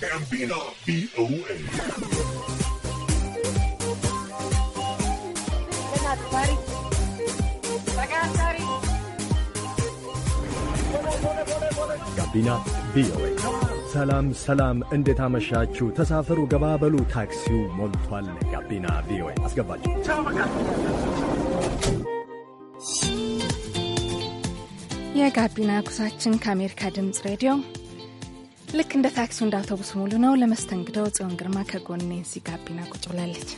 ጋቢና ቪኦኤ ጋቢና ቪኦኤ። ሰላም ሰላም፣ እንዴት አመሻችሁ? ተሳፈሩ፣ ገባበሉ፣ ታክሲው ሞልቷል። ጋቢና ቪኦኤ አስገባችሁ። የጋቢና ጉዟችን ከአሜሪካ ድምፅ ሬዲዮ ልክ እንደ ታክሲው እንደ አውቶቡስ ሙሉ ነው። ለመስተንግደው ጽዮን ግርማ ከጎኔ እዚህ ጋቢና ቁጭ ብላለች።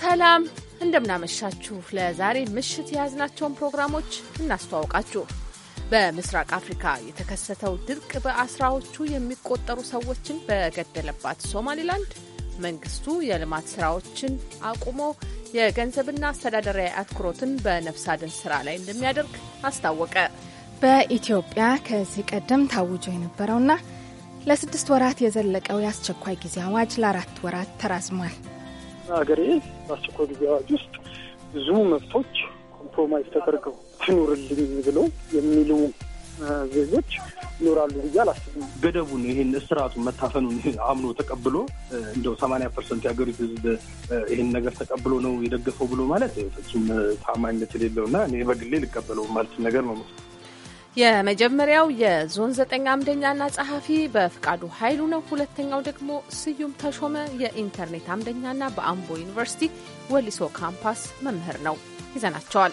ሰላም እንደምናመሻችሁ። ለዛሬ ምሽት የያዝናቸውን ፕሮግራሞች እናስተዋውቃችሁ። በምስራቅ አፍሪካ የተከሰተው ድርቅ በአስራዎቹ የሚቆጠሩ ሰዎችን በገደለባት ሶማሊላንድ መንግስቱ የልማት ስራዎችን አቁሞ የገንዘብና አስተዳደራዊ አትኩሮትን በነፍስ አድን ስራ ላይ እንደሚያደርግ አስታወቀ። በኢትዮጵያ ከዚህ ቀደም ታውጆ የነበረውና ለስድስት ወራት የዘለቀው የአስቸኳይ ጊዜ አዋጅ ለአራት ወራት ተራዝሟል። ሀገሬ በአስቸኳይ ጊዜ አዋጅ ውስጥ ብዙ መብቶች ኮምፕሮማይዝ ተደርገው ትኑርልኝ ብሎ የሚሉ ዜጎች ይኖራሉ ብዬ አላስብም። ገደቡን ይህን እስራቱን መታፈኑን አምኖ ተቀብሎ እንደው ሰማንያ ፐርሰንት የሀገሪቱ ሕዝብ ይህን ነገር ተቀብሎ ነው የደገፈው ብሎ ማለት ፍጹም ታማኝነት የሌለው እና እኔ በግሌ ልቀበለው ማለት ነገር ነው። የመጀመሪያው የዞን ዘጠኝ አምደኛና ጸሐፊ በፍቃዱ ኃይሉ ነው። ሁለተኛው ደግሞ ስዩም ተሾመ የኢንተርኔት አምደኛና በአምቦ ዩኒቨርሲቲ ወሊሶ ካምፓስ መምህር ነው። ይዘናቸዋል።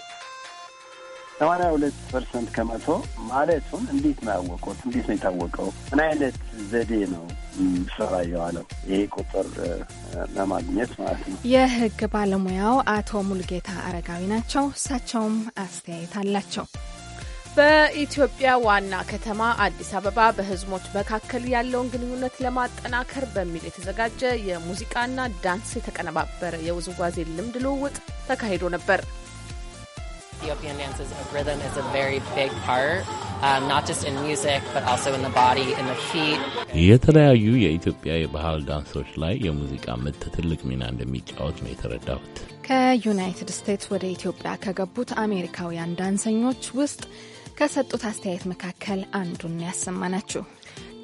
ሰማንያ ሁለት ፐርሰንት ከመቶ ማለቱን እንዴት ነው ያወቁት? እንዴት ነው የታወቀው? ምን አይነት ዘዴ ነው ስራ የዋለው ይሄ ቁጥር ለማግኘት ማለት ነው? የህግ ባለሙያው አቶ ሙልጌታ አረጋዊ ናቸው። እሳቸውም አስተያየት አላቸው። በኢትዮጵያ ዋና ከተማ አዲስ አበባ በህዝቦች መካከል ያለውን ግንኙነት ለማጠናከር በሚል የተዘጋጀ የሙዚቃና ዳንስ የተቀነባበረ የውዝዋዜ ልምድ ልውውጥ ተካሂዶ ነበር። um, የተለያዩ የኢትዮጵያ የባህል ዳንሶች ላይ የሙዚቃ ምት ትልቅ ሚና እንደሚጫወት ነው የተረዳሁት። ከዩናይትድ ስቴትስ ወደ ኢትዮጵያ ከገቡት አሜሪካውያን ዳንሰኞች ውስጥ ከሰጡት አስተያየት መካከል አንዱን ያሰማናችሁ።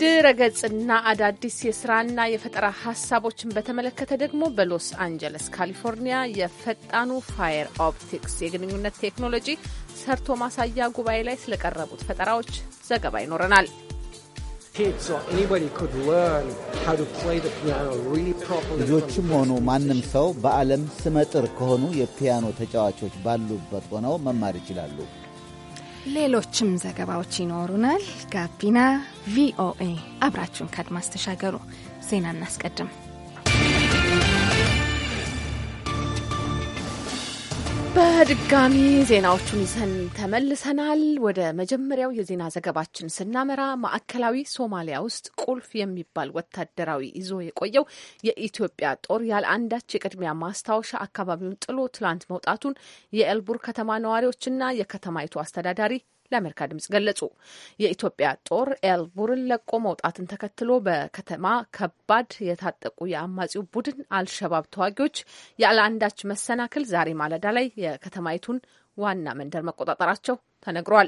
ድረ ገጽና አዳዲስ የስራና የፈጠራ ሀሳቦችን በተመለከተ ደግሞ በሎስ አንጀለስ ካሊፎርኒያ የፈጣኑ ፋየር ኦፕቲክስ የግንኙነት ቴክኖሎጂ ሰርቶ ማሳያ ጉባኤ ላይ ስለቀረቡት ፈጠራዎች ዘገባ ይኖረናል። ልጆችም ሆኑ ማንም ሰው በዓለም ስመጥር ከሆኑ የፒያኖ ተጫዋቾች ባሉበት ሆነው መማር ይችላሉ። ሌሎችም ዘገባዎች ይኖሩናል። ጋቢና ቪኦኤ አብራችሁን ከአድማስ ተሻገሩ። ዜና እናስቀድም። በድጋሚ ዜናዎቹን ይዘን ተመልሰናል። ወደ መጀመሪያው የዜና ዘገባችን ስናመራ ማዕከላዊ ሶማሊያ ውስጥ ቁልፍ የሚባል ወታደራዊ ይዞ የቆየው የኢትዮጵያ ጦር ያለ አንዳች የቅድሚያ ማስታወሻ አካባቢውን ጥሎ ትላንት መውጣቱን የኤልቡር ከተማ ነዋሪዎችና የከተማይቱ አስተዳዳሪ ለአሜሪካ ድምጽ ገለጹ። የኢትዮጵያ ጦር ኤልቡርን ለቆ መውጣትን ተከትሎ በከተማ ከባድ የታጠቁ የአማጺው ቡድን አልሸባብ ተዋጊዎች ያለአንዳች መሰናክል ዛሬ ማለዳ ላይ የከተማይቱን ዋና መንደር መቆጣጠራቸው ተነግሯል።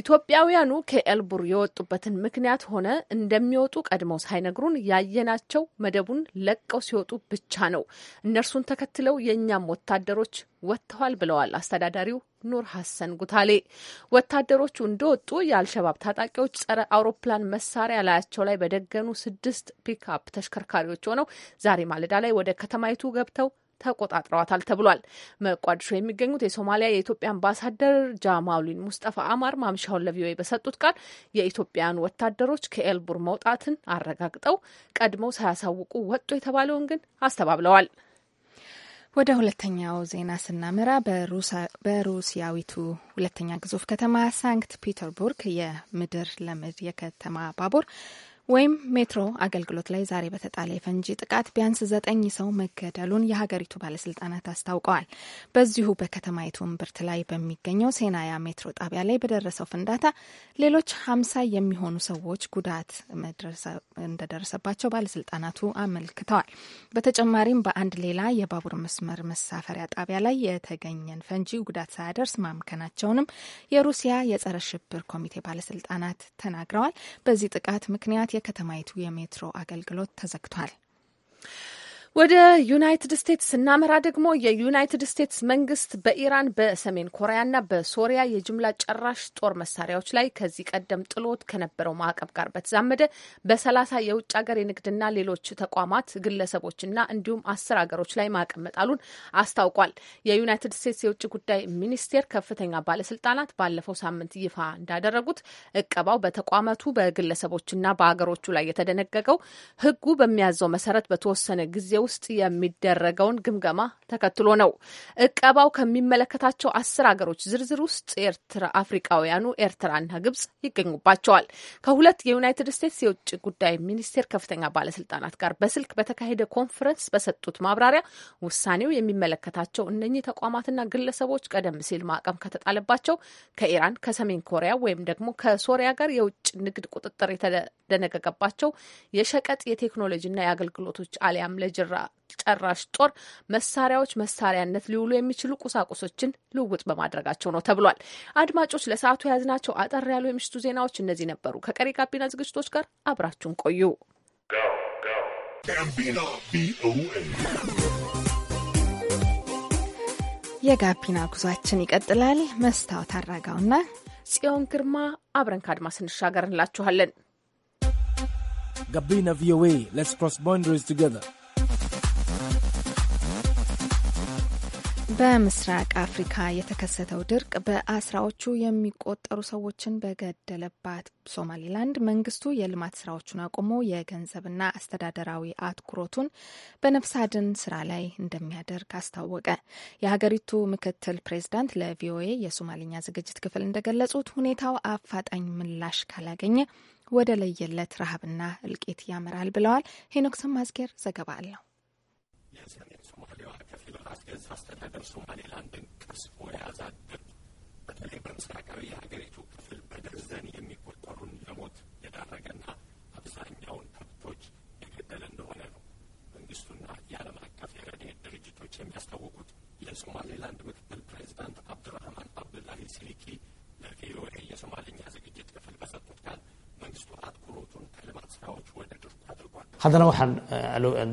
ኢትዮጵያውያኑ ከኤልቡር የወጡበትን ምክንያት ሆነ እንደሚወጡ ቀድመው ሳይነግሩን ያየናቸው መደቡን ለቀው ሲወጡ ብቻ ነው። እነርሱን ተከትለው የእኛም ወታደሮች ወጥተዋል ብለዋል አስተዳዳሪው ኑር ሀሰን ጉታሌ ወታደሮቹ እንደወጡ የአልሸባብ ታጣቂዎች ጸረ አውሮፕላን መሳሪያ ላያቸው ላይ በደገኑ ስድስት ፒክአፕ ተሽከርካሪዎች ሆነው ዛሬ ማለዳ ላይ ወደ ከተማይቱ ገብተው ተቆጣጥረዋታል ተብሏል። መቋድሾ የሚገኙት የሶማሊያ የኢትዮጵያ አምባሳደር ጃማሉን ሙስጠፋ አማር ማምሻውን ለቪኦኤ በሰጡት ቃል የኢትዮጵያን ወታደሮች ከኤልቡር መውጣትን አረጋግጠው ቀድመው ሳያሳውቁ ወጡ የተባለውን ግን አስተባብለዋል። ወደ ሁለተኛው ዜና ስናመራ በሩሲያዊቱ ሁለተኛ ግዙፍ ከተማ ሳንክት ፒተርቡርግ የምድር ለምድር የከተማ ባቡር ወይም ሜትሮ አገልግሎት ላይ ዛሬ በተጣለ የፈንጂ ጥቃት ቢያንስ ዘጠኝ ሰው መገደሉን የሀገሪቱ ባለስልጣናት አስታውቀዋል። በዚሁ በከተማይቱ እምብርት ላይ በሚገኘው ሴናያ ሜትሮ ጣቢያ ላይ በደረሰው ፍንዳታ ሌሎች ሀምሳ የሚሆኑ ሰዎች ጉዳት እንደደረሰባቸው ባለስልጣናቱ አመልክተዋል። በተጨማሪም በአንድ ሌላ የባቡር መስመር መሳፈሪያ ጣቢያ ላይ የተገኘን ፈንጂ ጉዳት ሳያደርስ ማምከናቸውንም የሩሲያ የጸረ ሽብር ኮሚቴ ባለስልጣናት ተናግረዋል። በዚህ ጥቃት ምክንያት የከተማይቱ የሜትሮ አገልግሎት ተዘግቷል። ወደ ዩናይትድ ስቴትስ ስናመራ ደግሞ የዩናይትድ ስቴትስ መንግስት በኢራን በሰሜን ኮሪያና በሶሪያ የጅምላ ጨራሽ ጦር መሳሪያዎች ላይ ከዚህ ቀደም ጥሎት ከነበረው ማዕቀብ ጋር በተዛመደ በሰላሳ የውጭ ሀገር የንግድና ሌሎች ተቋማት ግለሰቦችና እንዲሁም አስር ሀገሮች ላይ ማዕቀብ መጣሉን አስታውቋል። የዩናይትድ ስቴትስ የውጭ ጉዳይ ሚኒስቴር ከፍተኛ ባለስልጣናት ባለፈው ሳምንት ይፋ እንዳደረጉት እቀባው በተቋማቱ በግለሰቦችና በሀገሮቹ ላይ የተደነገገው ህጉ በሚያዘው መሰረት በተወሰነ ጊዜ ውስጥ የሚደረገውን ግምገማ ተከትሎ ነው። እቀባው ከሚመለከታቸው አስር ሀገሮች ዝርዝር ውስጥ ኤርትራ አፍሪካውያኑ ኤርትራና ግብጽ ይገኙባቸዋል። ከሁለት የዩናይትድ ስቴትስ የውጭ ጉዳይ ሚኒስቴር ከፍተኛ ባለስልጣናት ጋር በስልክ በተካሄደ ኮንፈረንስ በሰጡት ማብራሪያ ውሳኔው የሚመለከታቸው እነኚህ ተቋማትና ግለሰቦች ቀደም ሲል ማዕቀብ ከተጣለባቸው ከኢራን፣ ከሰሜን ኮሪያ ወይም ደግሞ ከሶሪያ ጋር የውጭ ንግድ ቁጥጥር የተደነገገባቸው የሸቀጥ የቴክኖሎጂና የአገልግሎቶች አሊያም ለጅራ ጨራሽ ጦር መሳሪያዎች መሳሪያነት ሊውሉ የሚችሉ ቁሳቁሶችን ልውውጥ በማድረጋቸው ነው ተብሏል። አድማጮች ለሰዓቱ የያዝናቸው አጠር ያሉ የምሽቱ ዜናዎች እነዚህ ነበሩ። ከቀሪ ጋቢና ዝግጅቶች ጋር አብራችሁን ቆዩ። የጋቢና ጉዟችን ይቀጥላል። መስታወት አራጋውና ጽዮን ግርማ አብረን ከአድማስ ስንሻገር እንላችኋለን። ጋቢና ቪኦኤ ሌትስ ክሮስ ባውንደሪስ ቱጌዘር በምስራቅ አፍሪካ የተከሰተው ድርቅ በአስራዎቹ የሚቆጠሩ ሰዎችን በገደለባት ሶማሌላንድ መንግስቱ የልማት ስራዎቹን አቁሞ የገንዘብና አስተዳደራዊ አትኩሮቱን በነፍስ አድን ስራ ላይ እንደሚያደርግ አስታወቀ። የሀገሪቱ ምክትል ፕሬዚዳንት ለቪኦኤ የሶማሊኛ ዝግጅት ክፍል እንደገለጹት ሁኔታው አፋጣኝ ምላሽ ካላገኘ ወደ ለየለት ረሃብና እልቂት ያመራል ብለዋል። ሄኖክ ማዝጌር ዘገባ አለው። የገዛ አስተዳደር ሶማሌላንድን ቀስፎ የያዛት ድርቅ በተለይ በምስራቃዊ የሀገሪቱ ክፍል በደርዘን የሚቆጠሩን ለሞት የዳረገና አብዛኛውን ከብቶች የገደለ እንደሆነ ነው መንግስቱና የዓለም አቀፍ የረድኤት ድርጅቶች የሚያስታውቁት። የሶማሌላንድ ምክትል ፕሬዚዳንት አብዱራህማን አብዱላሂ ሲሊኪ ለቪኦኤ የሶማልኛ ዝግጅት ክፍል በሰጡት ቃል መንግስቱ haddana waxaan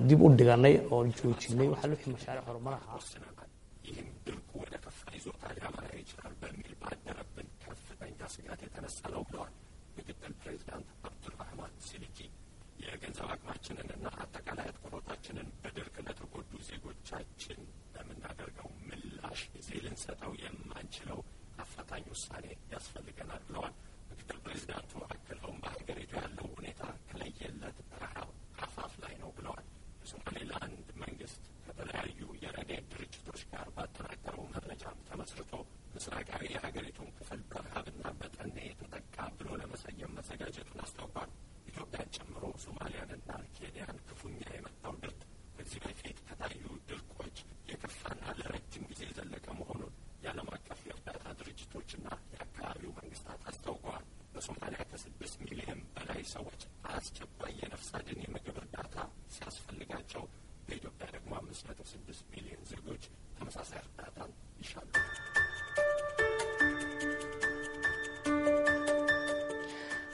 dib u dhiganay oo joojinay waxaa wixii mashaariic horumaraha የገንዘባችንንና አጠቃላይ አትኩሮታችንን በድርቅ ለተጎዱ ዜጎቻችን በምናደርገው ምላሽ ጊዜ ልንሰጠው የማንችለው አፋጣኝ ውሳኔ ያስፈልገናል ብለዋል ምክትል ፕሬዚዳንቱ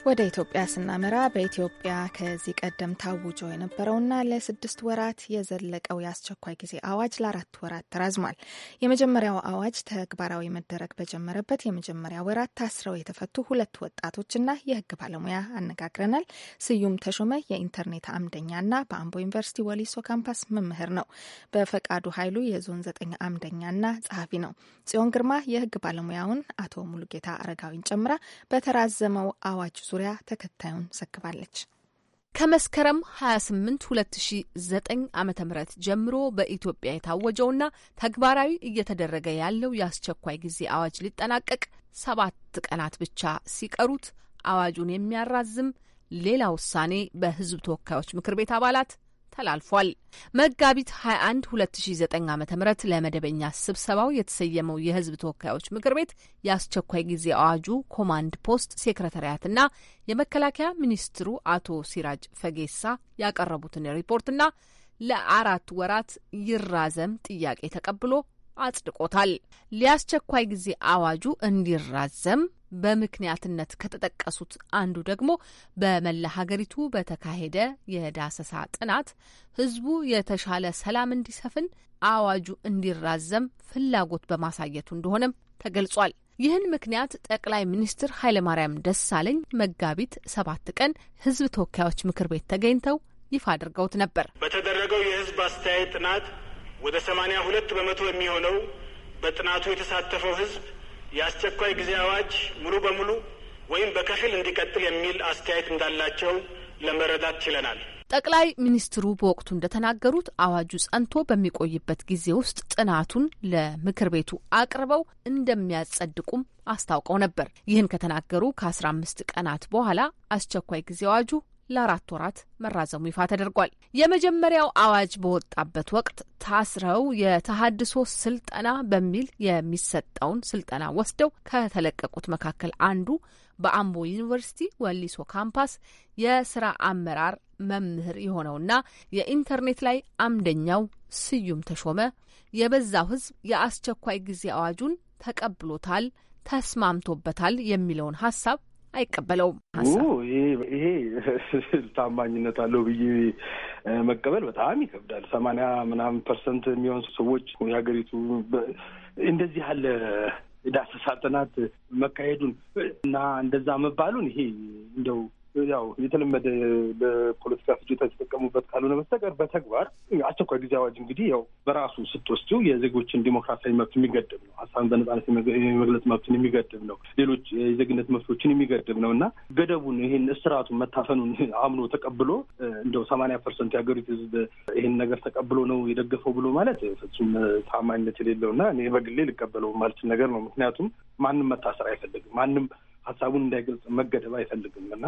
ወደ ኢትዮጵያ ስናመራ በኢትዮጵያ ከዚህ ቀደም ታውጆ የነበረውና ለስድስት ወራት የዘለቀው የአስቸኳይ ጊዜ አዋጅ ለአራት ወራት ተራዝሟል። የመጀመሪያው አዋጅ ተግባራዊ መደረግ በጀመረበት የመጀመሪያ ወራት ታስረው የተፈቱ ሁለት ወጣቶችና የሕግ ባለሙያ አነጋግረናል። ስዩም ተሾመ የኢንተርኔት አምደኛና በአምቦ ዩኒቨርሲቲ ወሊሶ ካምፓስ መምህር ነው። በፈቃዱ ኃይሉ የዞን ዘጠኝ አምደኛና ጸሐፊ ነው። ጽዮን ግርማ የሕግ ባለሙያውን አቶ ሙሉጌታ አረጋዊን ጨምራ በተራዘመው አዋጅ ዙሪያ ተከታዩን ዘግባለች። ከመስከረም 28 2009 ዓ ም ጀምሮ በኢትዮጵያ የታወጀውና ተግባራዊ እየተደረገ ያለው የአስቸኳይ ጊዜ አዋጅ ሊጠናቀቅ ሰባት ቀናት ብቻ ሲቀሩት አዋጁን የሚያራዝም ሌላ ውሳኔ በሕዝብ ተወካዮች ምክር ቤት አባላት ተላልፏል። መጋቢት 21 2009 ዓ ም ለመደበኛ ስብሰባው የተሰየመው የህዝብ ተወካዮች ምክር ቤት የአስቸኳይ ጊዜ አዋጁ ኮማንድ ፖስት ሴክረታሪያትና የመከላከያ ሚኒስትሩ አቶ ሲራጅ ፈጌሳ ያቀረቡትን ሪፖርትና ለአራት ወራት ይራዘም ጥያቄ ተቀብሎ አጽድቆታል። ለአስቸኳይ ጊዜ አዋጁ እንዲራዘም በምክንያትነት ከተጠቀሱት አንዱ ደግሞ በመላ ሀገሪቱ በተካሄደ የዳሰሳ ጥናት ህዝቡ የተሻለ ሰላም እንዲሰፍን አዋጁ እንዲራዘም ፍላጎት በማሳየቱ እንደሆነም ተገልጿል። ይህን ምክንያት ጠቅላይ ሚኒስትር ኃይለማርያም ደሳለኝ መጋቢት ሰባት ቀን ህዝብ ተወካዮች ምክር ቤት ተገኝተው ይፋ አድርገውት ነበር። በተደረገው የህዝብ አስተያየት ጥናት ወደ ሰማንያ ሁለት በመቶ የሚሆነው በጥናቱ የተሳተፈው ህዝብ የአስቸኳይ ጊዜ አዋጅ ሙሉ በሙሉ ወይም በከፊል እንዲቀጥል የሚል አስተያየት እንዳላቸው ለመረዳት ችለናል። ጠቅላይ ሚኒስትሩ በወቅቱ እንደተናገሩት አዋጁ ጸንቶ በሚቆይበት ጊዜ ውስጥ ጥናቱን ለምክር ቤቱ አቅርበው እንደሚያጸድቁም አስታውቀው ነበር። ይህን ከተናገሩ ከ አስራ አምስት ቀናት በኋላ አስቸኳይ ጊዜ አዋጁ ለአራት ወራት መራዘሙ ይፋ ተደርጓል። የመጀመሪያው አዋጅ በወጣበት ወቅት ታስረው የተሃድሶ ስልጠና በሚል የሚሰጠውን ስልጠና ወስደው ከተለቀቁት መካከል አንዱ በአምቦ ዩኒቨርሲቲ ወሊሶ ካምፓስ የስራ አመራር መምህር የሆነውና የኢንተርኔት ላይ አምደኛው ስዩም ተሾመ የበዛው ሕዝብ የአስቸኳይ ጊዜ አዋጁን ተቀብሎታል፣ ተስማምቶበታል የሚለውን ሀሳብ አይቀበለውም። ይሄ ታማኝነት አለው ብዬ መቀበል በጣም ይከብዳል። ሰማንያ ምናምን ፐርሰንት የሚሆን ሰዎች የሀገሪቱ እንደዚህ ያለ ዳሰሳ ጥናት መካሄዱን እና እንደዛ መባሉን ይሄ እንደው ያው የተለመደ በፖለቲካ ፍጆታ የተጠቀሙበት ካልሆነ በስተቀር በተግባር አስቸኳይ ጊዜ አዋጅ እንግዲህ ያው በራሱ ስትወስደው የዜጎችን ዲሞክራሲያዊ መብት የሚገድብ ነው። ሀሳብን በነጻነት የመግለጽ መብትን የሚገድብ ነው። ሌሎች የዜግነት መብቶችን የሚገድብ ነው እና ገደቡን ይህን እስራቱን መታፈኑን አምኖ ተቀብሎ እንደው ሰማንያ ፐርሰንት የሀገሪቱ ህዝብ ይህን ነገር ተቀብሎ ነው የደገፈው ብሎ ማለት ፍጹም ታማኝነት የሌለው እና እኔ በግሌ ልቀበለው ማለት ነገር ነው። ምክንያቱም ማንም መታሰር አይፈልግም። ማንም ሀሳቡን እንዳይገልጽ መገደብ አይፈልግም እና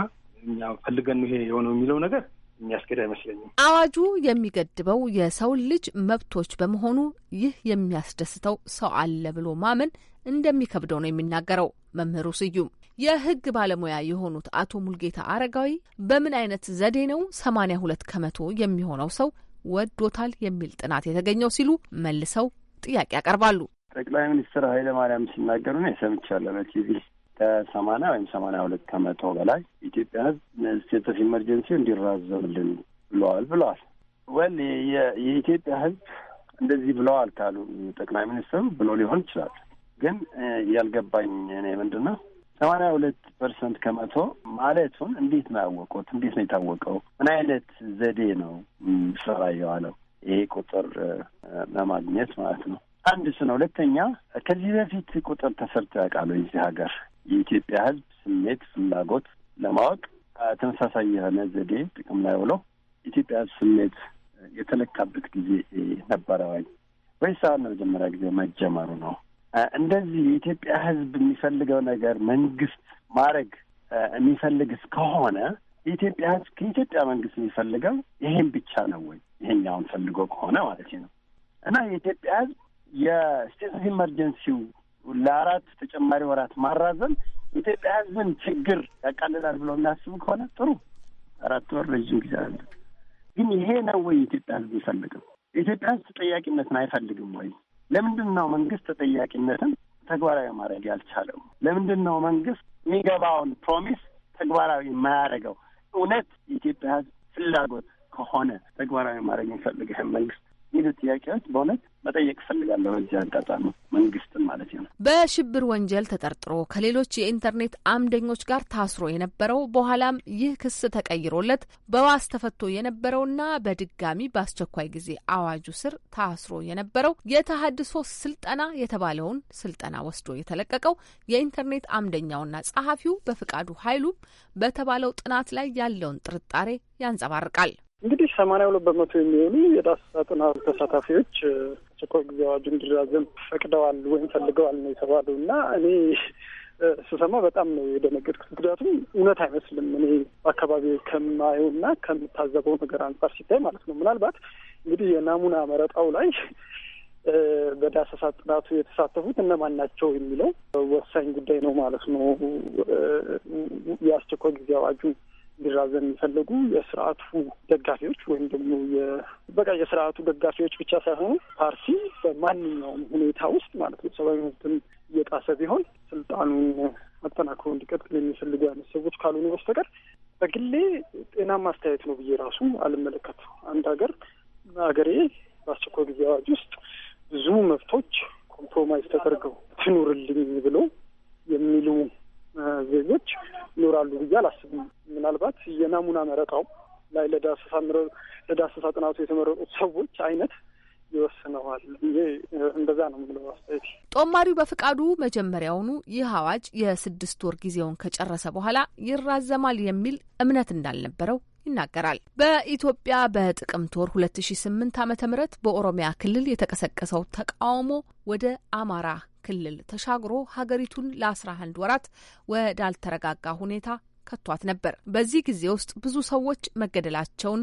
እኛ ፈልገን ይሄ የሆነው የሚለው ነገር የሚያስገድ አይመስለኝም። አዋጁ የሚገድበው የሰውን ልጅ መብቶች በመሆኑ ይህ የሚያስደስተው ሰው አለ ብሎ ማመን እንደሚከብደው ነው የሚናገረው መምህሩ ስዩም። የህግ ባለሙያ የሆኑት አቶ ሙልጌታ አረጋዊ በምን አይነት ዘዴ ነው ሰማንያ ሁለት ከመቶ የሚሆነው ሰው ወዶታል የሚል ጥናት የተገኘው ሲሉ መልሰው ጥያቄ ያቀርባሉ። ጠቅላይ ሚኒስትር ኃይለ ሲናገሩ ነው የሰምቻለሁ በቲቪ ከሰማንያ ወይም ሰማንያ ሁለት ከመቶ በላይ ኢትዮጵያ ህዝብ ስቴት ኦፍ ኢመርጀንሲ እንዲራዘምልን ብለዋል ብለዋል ወል የኢትዮጵያ ህዝብ እንደዚህ ብለዋል ካሉ ጠቅላይ ሚኒስትሩ ብሎ ሊሆን ይችላል። ግን ያልገባኝ እኔ ምንድን ነው ሰማንያ ሁለት ፐርሰንት ከመቶ ማለቱን እንዴት ነው ያወቁት? እንዴት ነው የታወቀው? ምን አይነት ዘዴ ነው ስራ የዋለው ይሄ ቁጥር ለማግኘት ማለት ነው? አንድ ስ ነው። ሁለተኛ ከዚህ በፊት ቁጥር ተሰርቶ ያውቃሉ የዚህ ሀገር የኢትዮጵያ ሕዝብ ስሜት፣ ፍላጎት ለማወቅ ተመሳሳይ የሆነ ዘዴ ጥቅም ላይ ውሎ ኢትዮጵያ ሕዝብ ስሜት የተለካበት ጊዜ ነበረ ወይ ወይስ አሁን ለመጀመሪያ ጊዜ መጀመሩ ነው? እንደዚህ የኢትዮጵያ ሕዝብ የሚፈልገው ነገር መንግስት ማድረግ የሚፈልግ እስከሆነ የኢትዮጵያ ሕዝብ ከኢትዮጵያ መንግስት የሚፈልገው ይሄን ብቻ ነው ወይ? ይሄኛውን ፈልጎ ከሆነ ማለት ነው እና የኢትዮጵያ ሕዝብ የስቴት ኢመርጀንሲው ለአራት ተጨማሪ ወራት ማራዘም ኢትዮጵያ ሕዝብን ችግር ያቃልላል ብለው የሚያስቡ ከሆነ ጥሩ፣ አራት ወር ረዥም ጊዜ አለ። ግን ይሄ ነው ወይ የኢትዮጵያ ሕዝብ ይፈልግም? የኢትዮጵያ ሕዝብ ተጠያቂነትን አይፈልግም ወይ? ለምንድን ነው መንግስት ተጠያቂነትን ተግባራዊ ማድረግ ያልቻለው? ለምንድን ነው መንግስት የሚገባውን ፕሮሚስ ተግባራዊ የማያደርገው? እውነት የኢትዮጵያ ሕዝብ ፍላጎት ከሆነ ተግባራዊ ማድረግ የሚፈልግ መንግስት የሚሉ ጥያቄዎች በእውነት መጠየቅ እፈልጋለሁ። በዚህ አጋጣሚ መንግስትን ማለት ነው። በሽብር ወንጀል ተጠርጥሮ ከሌሎች የኢንተርኔት አምደኞች ጋር ታስሮ የነበረው በኋላም ይህ ክስ ተቀይሮለት በዋስ ተፈቶ የነበረውና በድጋሚ በአስቸኳይ ጊዜ አዋጁ ስር ታስሮ የነበረው የተሀድሶ ስልጠና የተባለውን ስልጠና ወስዶ የተለቀቀው የኢንተርኔት አምደኛውና ጸሐፊው በፍቃዱ ኃይሉ በተባለው ጥናት ላይ ያለውን ጥርጣሬ ያንጸባርቃል። እንግዲህ ሰማንያ ሁለት በመቶ የሚሆኑ የዳሰሳ ጥናቱ ተሳታፊዎች አስቸኳይ ጊዜ አዋጁ እንዲራዘም ፈቅደዋል ወይም ፈልገዋል ነው የተባለው እና እኔ ስሰማ በጣም ነው የደነገጥኩት። ምክንያቱም እውነት አይመስልም። እኔ በአካባቢ ከማየው እና ከምታዘበው ነገር አንጻር ሲታይ ማለት ነው። ምናልባት እንግዲህ የናሙና መረጣው ላይ በዳሰሳ ጥናቱ የተሳተፉት እነማን ናቸው የሚለው ወሳኝ ጉዳይ ነው ማለት ነው። የአስቸኳይ ጊዜ አዋጁ ሊራዘም የሚፈለጉ የስርዓቱ ደጋፊዎች ወይም ደግሞ በቃ የስርዓቱ ደጋፊዎች ብቻ ሳይሆኑ ፓርቲ በማንኛውም ሁኔታ ውስጥ ማለት ነው ሰብአዊ መብትን እየጣሰ ቢሆን ስልጣኑን አጠናክሮ እንዲቀጥል የሚፈልጉ አይነት ሰዎች ካልሆኑ በስተቀር በግሌ ጤናማ አስተያየት ነው ብዬ ራሱ አልመለከትም። አንድ ሀገር ሀገሬ በአስቸኳይ ጊዜ አዋጅ ውስጥ ብዙ መብቶች ኮምፕሮማይዝ ተደርገው ትኑርልኝ ብሎ የሚሉ ዜጎች ይኖራሉ ብዬ አላስብም። ምናልባት የናሙና መረጣው ላይ ለዳሰሳ ጥናቱ የተመረጡት ሰዎች አይነት ይወስነዋል እንደዛ ነው የምለው አስተያየት። ጦማሪው በፍቃዱ መጀመሪያውኑ ይህ አዋጅ የስድስት ወር ጊዜውን ከጨረሰ በኋላ ይራዘማል የሚል እምነት እንዳልነበረው ይናገራል። በኢትዮጵያ በጥቅምት ወር 2008 ዓ.ም በኦሮሚያ ክልል የተቀሰቀሰው ተቃውሞ ወደ አማራ ክልል ተሻግሮ ሀገሪቱን ለ11 ወራት ወዳልተረጋጋ ሁኔታ ከቷት ነበር። በዚህ ጊዜ ውስጥ ብዙ ሰዎች መገደላቸውን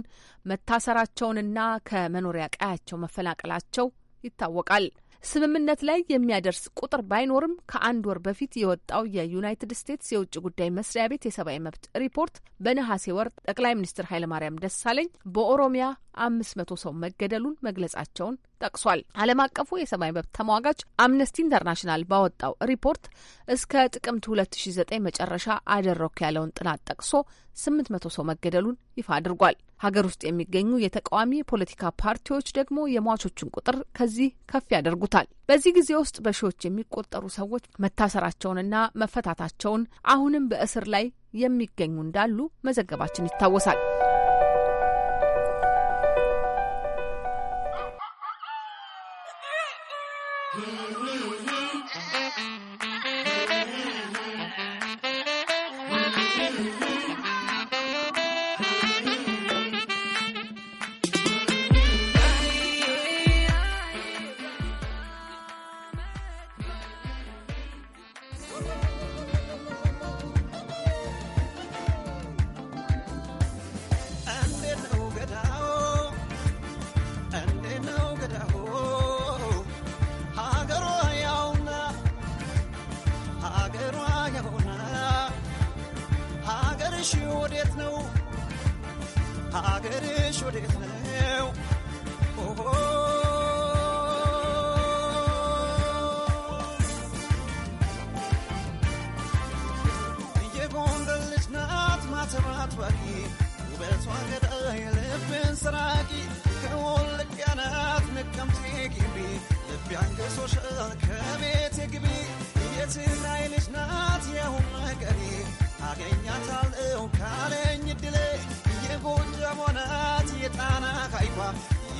መታሰራቸውንና ከመኖሪያ ቀያቸው መፈናቀላቸው ይታወቃል። ስምምነት ላይ የሚያደርስ ቁጥር ባይኖርም ከአንድ ወር በፊት የወጣው የዩናይትድ ስቴትስ የውጭ ጉዳይ መስሪያ ቤት የሰብአዊ መብት ሪፖርት በነሐሴ ወር ጠቅላይ ሚኒስትር ኃይለማርያም ደሳለኝ በኦሮሚያ አምስት መቶ ሰው መገደሉን መግለጻቸውን ጠቅሷል። ዓለም አቀፉ የሰብአዊ መብት ተሟጋች አምነስቲ ኢንተርናሽናል ባወጣው ሪፖርት እስከ ጥቅምት 2009 መጨረሻ አደረኩ ያለውን ጥናት ጠቅሶ 800 ሰው መገደሉን ይፋ አድርጓል። ሀገር ውስጥ የሚገኙ የተቃዋሚ ፖለቲካ ፓርቲዎች ደግሞ የሟቾቹን ቁጥር ከዚህ ከፍ ያደርጉታል። በዚህ ጊዜ ውስጥ በሺዎች የሚቆጠሩ ሰዎች መታሰራቸውንና መፈታታቸውን አሁንም በእስር ላይ የሚገኙ እንዳሉ መዘገባችን ይታወሳል።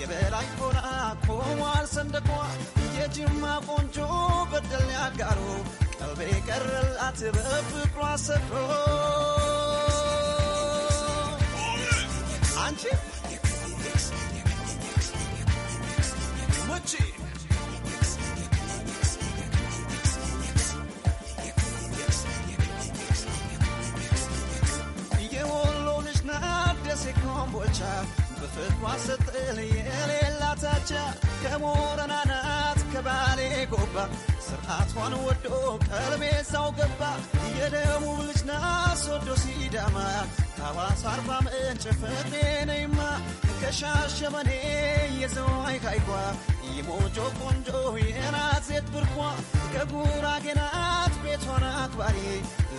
በላይ ሆና ቆሟል ሰንደቋ የጅማ ቆንጆ በደል ያጋሩ ቀልቤ ቀረላት በፍቅሯ ሰፍሮ አንቺ ሙቺ የወሎ ልጅ ናት ደሴ ኮምቦልቻ በፍቅሯ ድል የሌላት ከሞረና ናት ከባሌ ጎባ ስርዓቷን ወዶ ቀልቤ ሳው ገባ የደቡብ ልጅ ናት ሶዶ ሲዳማ ከሐዋሳ አርባ ምንጭ ፍርዴ ነይማ ከሻሸመኔ የዘዋይ ካይኳ የሞጆ ቆንጆ የናት ሴት ብርኳ ከጉራጌ ናት ቤቷን አክባሪ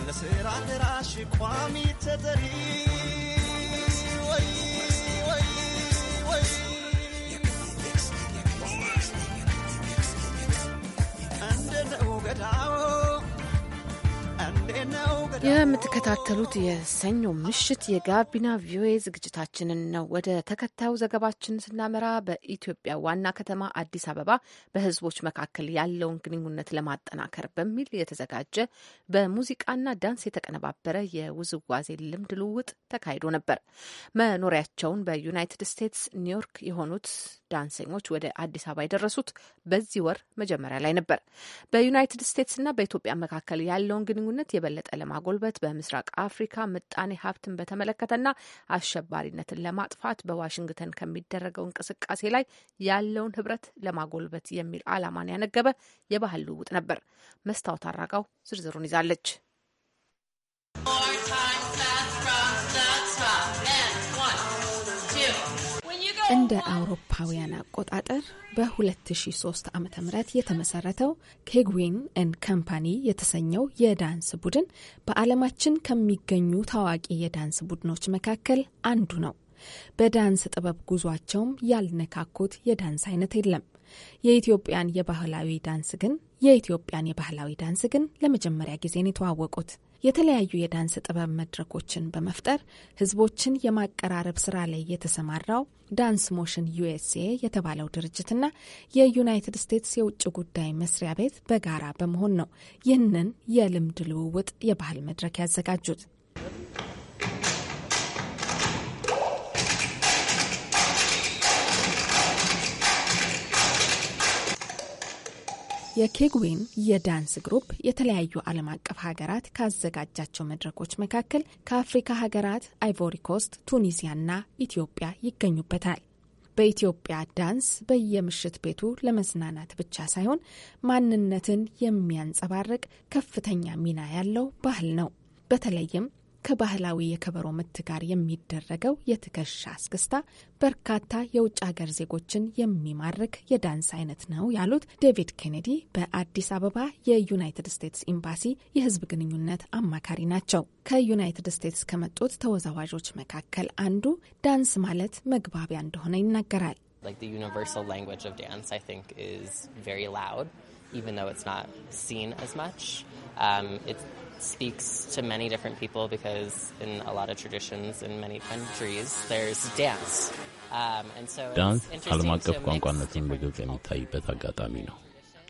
ለስራ ደራሽ ቋሚ ተጠሪ የምትከታተሉት የሰኞ ምሽት የጋቢና ቪኦኤ ዝግጅታችንን ነው። ወደ ተከታዩ ዘገባችን ስናመራ በኢትዮጵያ ዋና ከተማ አዲስ አበባ በሕዝቦች መካከል ያለውን ግንኙነት ለማጠናከር በሚል የተዘጋጀ በሙዚቃና ዳንስ የተቀነባበረ የውዝዋዜ ልምድ ልውውጥ ተካሂዶ ነበር። መኖሪያቸውን በዩናይትድ ስቴትስ ኒውዮርክ የሆኑት ዳንሰኞች ወደ አዲስ አበባ የደረሱት በዚህ ወር መጀመሪያ ላይ ነበር። በዩናይትድ ስቴትስና በኢትዮጵያ መካከል ያለውን ግንኙነት የበለጠ ለማጎል ጉልበት በምስራቅ አፍሪካ ምጣኔ ሀብትን በተመለከተና አሸባሪነትን ለማጥፋት በዋሽንግተን ከሚደረገው እንቅስቃሴ ላይ ያለውን ህብረት ለማጎልበት የሚል ዓላማን ያነገበ የባህል ልውውጥ ነበር። መስታወት አራጋው ዝርዝሩን ይዛለች። እንደ አውሮፓውያን አቆጣጠር በ2003 ዓ ም የተመሰረተው ኬግዊን ኤን ከምፓኒ የተሰኘው የዳንስ ቡድን በዓለማችን ከሚገኙ ታዋቂ የዳንስ ቡድኖች መካከል አንዱ ነው። በዳንስ ጥበብ ጉዟቸውም ያልነካኩት የዳንስ አይነት የለም። የኢትዮጵያን የባህላዊ ዳንስ ግን የኢትዮጵያን የባህላዊ ዳንስ ግን ለመጀመሪያ ጊዜ ነው የተዋወቁት። የተለያዩ የዳንስ ጥበብ መድረኮችን በመፍጠር ህዝቦችን የማቀራረብ ስራ ላይ የተሰማራው ዳንስ ሞሽን ዩኤስኤ የተባለው ድርጅትና የዩናይትድ ስቴትስ የውጭ ጉዳይ መስሪያ ቤት በጋራ በመሆን ነው ይህንን የልምድ ልውውጥ የባህል መድረክ ያዘጋጁት። የኬግዌን የዳንስ ግሩፕ የተለያዩ ዓለም አቀፍ ሀገራት ካዘጋጃቸው መድረኮች መካከል ከአፍሪካ ሀገራት አይቮሪኮስት፣ ቱኒዚያና ኢትዮጵያ ይገኙበታል። በኢትዮጵያ ዳንስ በየምሽት ቤቱ ለመዝናናት ብቻ ሳይሆን ማንነትን የሚያንጸባርቅ ከፍተኛ ሚና ያለው ባህል ነው። በተለይም ከባህላዊ የከበሮ ምት ጋር የሚደረገው የትከሻ እስክስታ በርካታ የውጭ ሀገር ዜጎችን የሚማርክ የዳንስ አይነት ነው ያሉት ዴቪድ ኬኔዲ በአዲስ አበባ የዩናይትድ ስቴትስ ኤምባሲ የሕዝብ ግንኙነት አማካሪ ናቸው። ከዩናይትድ ስቴትስ ከመጡት ተወዛዋዦች መካከል አንዱ ዳንስ ማለት መግባቢያ እንደሆነ ይናገራል። speaks to many different people because in a lot of traditions in many countries there's dance. Um, and so ዳንስ ዓለም አቀፍ ቋንቋነትን በግልጽ የሚታይበት አጋጣሚ ነው።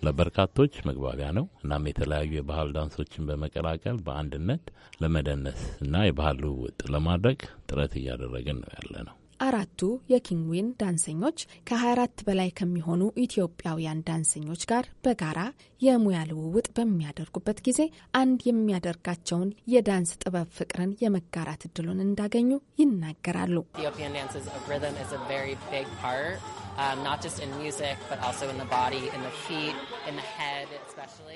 ለበርካቶች መግባቢያ ነው። እናም የተለያዩ የባህል ዳንሶችን በመቀላቀል በአንድነት ለመደነስ እና የባህል ልውውጥ ለማድረግ ጥረት እያደረግን ነው ያለ ነው። አራቱ የኪንግዊን ዳንሰኞች ከ24 በላይ ከሚሆኑ ኢትዮጵያውያን ዳንሰኞች ጋር በጋራ የሙያ ልውውጥ በሚያደርጉበት ጊዜ አንድ የሚያደርጋቸውን የዳንስ ጥበብ ፍቅርን የመጋራት እድሉን እንዳገኙ ይናገራሉ። um, um,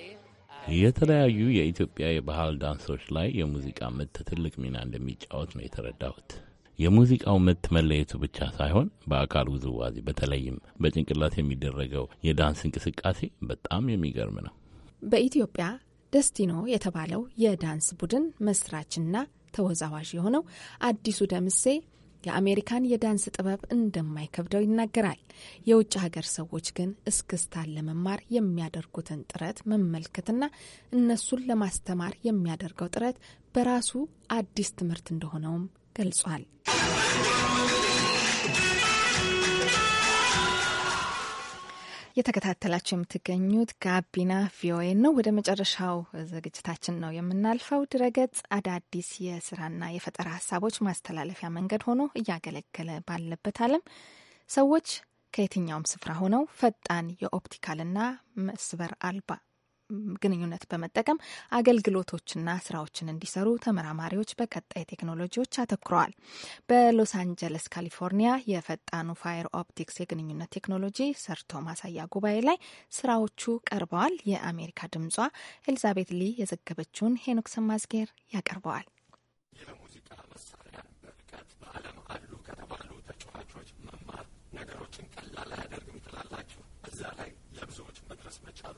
የተለያዩ የኢትዮጵያ የባህል ዳንሶች ላይ የሙዚቃ ምት ትልቅ ሚና እንደሚጫወት ነው የተረዳሁት። የሙዚቃው ምት መለየቱ ብቻ ሳይሆን በአካል ውዝዋዜ በተለይም በጭንቅላት የሚደረገው የዳንስ እንቅስቃሴ በጣም የሚገርም ነው። በኢትዮጵያ ደስቲኖ የተባለው የዳንስ ቡድን መስራችና ተወዛዋዥ የሆነው አዲሱ ደምሴ የአሜሪካን የዳንስ ጥበብ እንደማይከብደው ይናገራል። የውጭ ሀገር ሰዎች ግን እስክስታን ለመማር የሚያደርጉትን ጥረት መመልከትና እነሱን ለማስተማር የሚያደርገው ጥረት በራሱ አዲስ ትምህርት እንደሆነውም ገልጿል። እየተከታተላችሁ የምትገኙት ጋቢና ቪኦኤ ነው። ወደ መጨረሻው ዝግጅታችን ነው የምናልፈው። ድረገጽ አዳዲስ የስራና የፈጠራ ሀሳቦች ማስተላለፊያ መንገድ ሆኖ እያገለገለ ባለበት ዓለም ሰዎች ከየትኛውም ስፍራ ሆነው ፈጣን የኦፕቲካልና መስበር አልባ ግንኙነት በመጠቀም አገልግሎቶችና ስራዎችን እንዲሰሩ ተመራማሪዎች በቀጣይ ቴክኖሎጂዎች አተኩረዋል። በሎስ አንጀለስ ካሊፎርኒያ የፈጣኑ ፋየር ኦፕቲክስ የግንኙነት ቴክኖሎጂ ሰርቶ ማሳያ ጉባኤ ላይ ስራዎቹ ቀርበዋል። የአሜሪካ ድምጿ ኤልዛቤት ሊ የዘገበችውን ሄኖክ ሰማዝጌር ያቀርበዋል። ነገሮችን ቀላል አያደርግም ትላላችሁ። እዛ ላይ ለብዙዎች መድረስ መቻሉ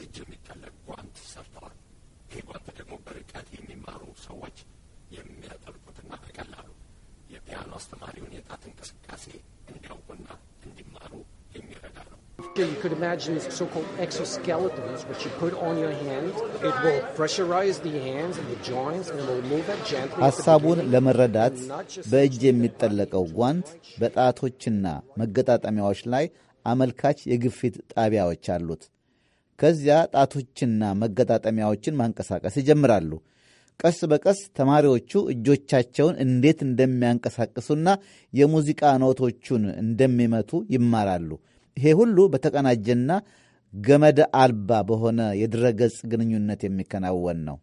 እጅ የሚጠለቅ ጓንት ሰርተዋል። ይህ ጓንት ደግሞ በርቀት የሚማሩ ሰዎች የሚያጠልቁትና በቀላሉ የፒያኖ አስተማሪውን የጣት እንቅስቃሴ እንዲያውቁና እንዲማሩ የሚረዳ ነው። You could imagine these so-called exoskeletons, which you put on your hands. It will pressurize the hands and the joints and will move it gently. ሐሳቡን ለመረዳት በእጅ የሚጠለቀው ጓንት በጣቶችና መገጣጠሚያዎች ላይ አመልካች የግፊት ጣቢያዎች አሉት። ከዚያ ጣቶችና መገጣጠሚያዎችን ማንቀሳቀስ ይጀምራሉ። ቀስ በቀስ ተማሪዎቹ እጆቻቸውን እንዴት እንደሚያንቀሳቅሱና የሙዚቃ ኖቶቹን እንደሚመቱ ይማራሉ። ይሄ ሁሉ በተቀናጀና ገመድ አልባ በሆነ የድረገጽ ግንኙነት የሚከናወን ነው።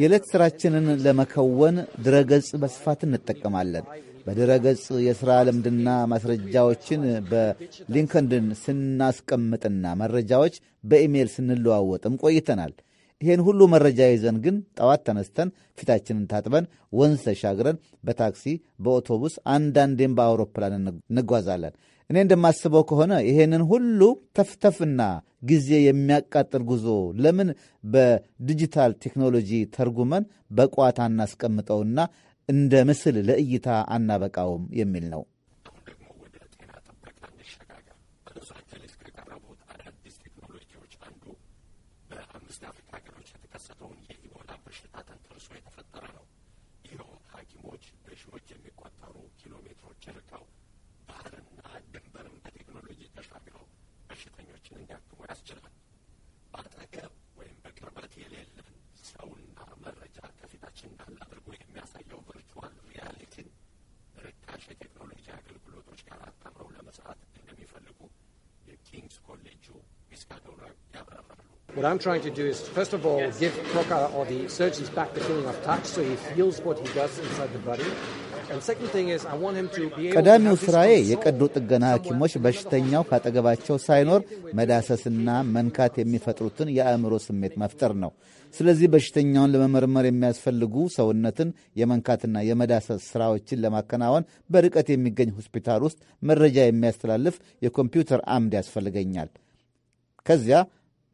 የዕለት ሥራችንን ለመከወን ድረገጽ በስፋት እንጠቀማለን። በድረገጽ የሥራ ልምድና ማስረጃዎችን በሊንክድን ስናስቀምጥና መረጃዎች በኢሜይል ስንለዋወጥም ቆይተናል። ይህን ሁሉ መረጃ ይዘን ግን ጠዋት ተነስተን ፊታችንን ታጥበን ወንዝ ተሻግረን በታክሲ፣ በአውቶቡስ አንዳንዴም በአውሮፕላን እንጓዛለን። እኔ እንደማስበው ከሆነ ይሄንን ሁሉ ተፍተፍና ጊዜ የሚያቃጥል ጉዞ ለምን በዲጂታል ቴክኖሎጂ ተርጉመን በቋት አናስቀምጠውና እንደ ምስል ለእይታ አናበቃውም የሚል ነው። the body. ቀዳሚው ስራዬ የቀዶ ጥገና ሐኪሞች በሽተኛው ካጠገባቸው ሳይኖር መዳሰስና መንካት የሚፈጥሩትን የአእምሮ ስሜት መፍጠር ነው። ስለዚህ በሽተኛውን ለመመርመር የሚያስፈልጉ ሰውነትን የመንካትና የመዳሰስ ስራዎችን ለማከናወን በርቀት የሚገኝ ሆስፒታል ውስጥ መረጃ የሚያስተላልፍ የኮምፒውተር አምድ ያስፈልገኛል። ከዚያ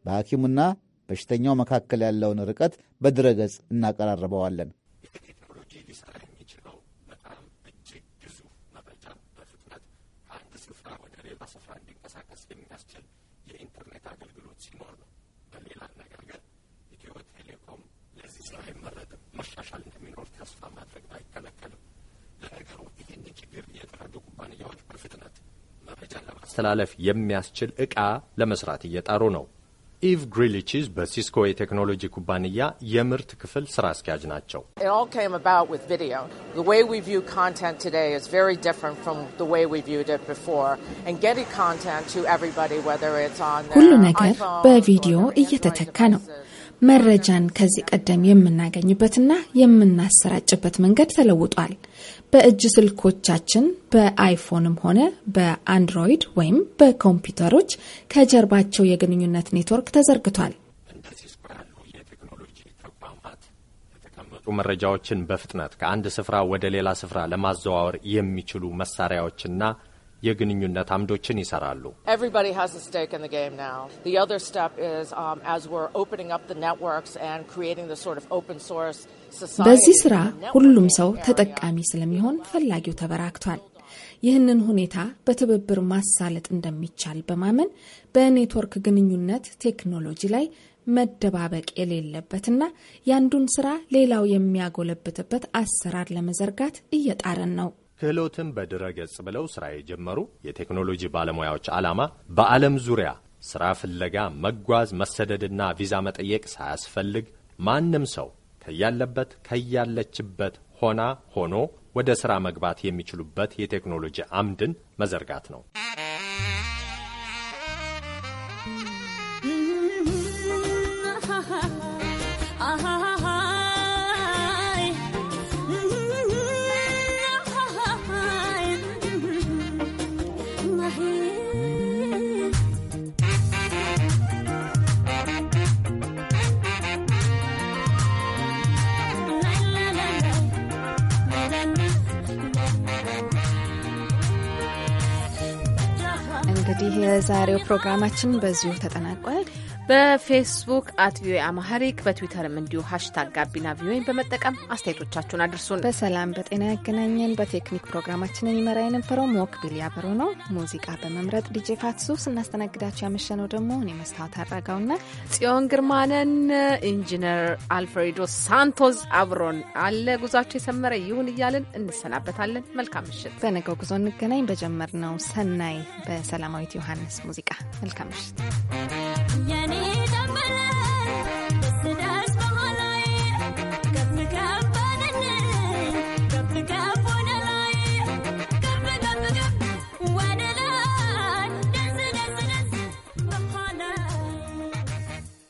በሐኪሙና በሽተኛው መካከል ያለውን ርቀት በድረገጽ እናቀራርበዋለን። ሊሰራ የሚችለው በፍጥነት ስፍራ ስፍራ እንዲንቀሳቀስ የሚያስችል የኢንተርኔት አገልግሎት ሲኖር በሌላ አነጋገር መሻሻል ተስፋ ማድረግ አይከለከልም። ለነገሩ ይህን ችግር የተረዱ ኩባንያዎች በፍጥነት ለማስተላለፍ የሚያስችል ዕቃ ለመስራት እየጣሩ ነው። ኢቭ ግሪሊችዝ በሲስኮ የቴክኖሎጂ ኩባንያ የምርት ክፍል ስራ አስኪያጅ ናቸው። ሁሉ ነገር በቪዲዮ እየተተካ ነው። መረጃን ከዚህ ቀደም የምናገኝበትና የምናሰራጭበት መንገድ ተለውጧል። በእጅ ስልኮቻችን በአይፎንም ሆነ በአንድሮይድ ወይም በኮምፒውተሮች ከጀርባቸው የግንኙነት ኔትወርክ ተዘርግቷል። መረጃዎችን በፍጥነት ከአንድ ስፍራ ወደ ሌላ ስፍራ ለማዘዋወር የሚችሉ መሳሪያዎችና የግንኙነት አምዶችን ይሰራሉ። um, በዚህ ስራ ሁሉም ሰው ተጠቃሚ ስለሚሆን ፈላጊው ተበራክቷል። ይህንን ሁኔታ በትብብር ማሳለጥ እንደሚቻል በማመን በኔትወርክ ግንኙነት ቴክኖሎጂ ላይ መደባበቅ የሌለበትና የአንዱን ስራ ሌላው የሚያጎለብትበት አሰራር ለመዘርጋት እየጣረን ነው። ክህሎትን በድረ ገጽ ብለው ስራ የጀመሩ የቴክኖሎጂ ባለሙያዎች ዓላማ በዓለም ዙሪያ ስራ ፍለጋ መጓዝ፣ መሰደድና ቪዛ መጠየቅ ሳያስፈልግ ማንም ሰው ከያለበት ከያለችበት ሆና ሆኖ ወደ ስራ መግባት የሚችሉበት የቴክኖሎጂ አምድን መዘርጋት ነው። እንግዲህ የዛሬው ፕሮግራማችን በዚሁ ተጠናቋል። በፌስቡክ አት ቪኦኤ አማሐሪክ በትዊተርም እንዲሁ ሀሽታግ ጋቢና ቪኦኤን በመጠቀም አስተያየቶቻችሁን አድርሱን። በሰላም በጤና ያገናኘን። በቴክኒክ ፕሮግራማችንን ይመራ የነበረው ሞክ ቢል ነው። ሙዚቃ በመምረጥ ዲጄ ፋትሱ ስናስተናግዳቸው ያመሸነው ደግሞ እኔ መስታወት አድራጋውና ጽዮን ግርማንን። ኢንጂነር አልፍሬዶ ሳንቶዝ አብሮን አለ። ጉዟቸው የሰመረ ይሁን እያልን እንሰናበታለን። መልካም ምሽት። በነገው ጉዞ እንገናኝ። በጀመርነው ሰናይ በሰላማዊት ዮሐንስ ሙዚቃ መልካም ምሽት። بلد بس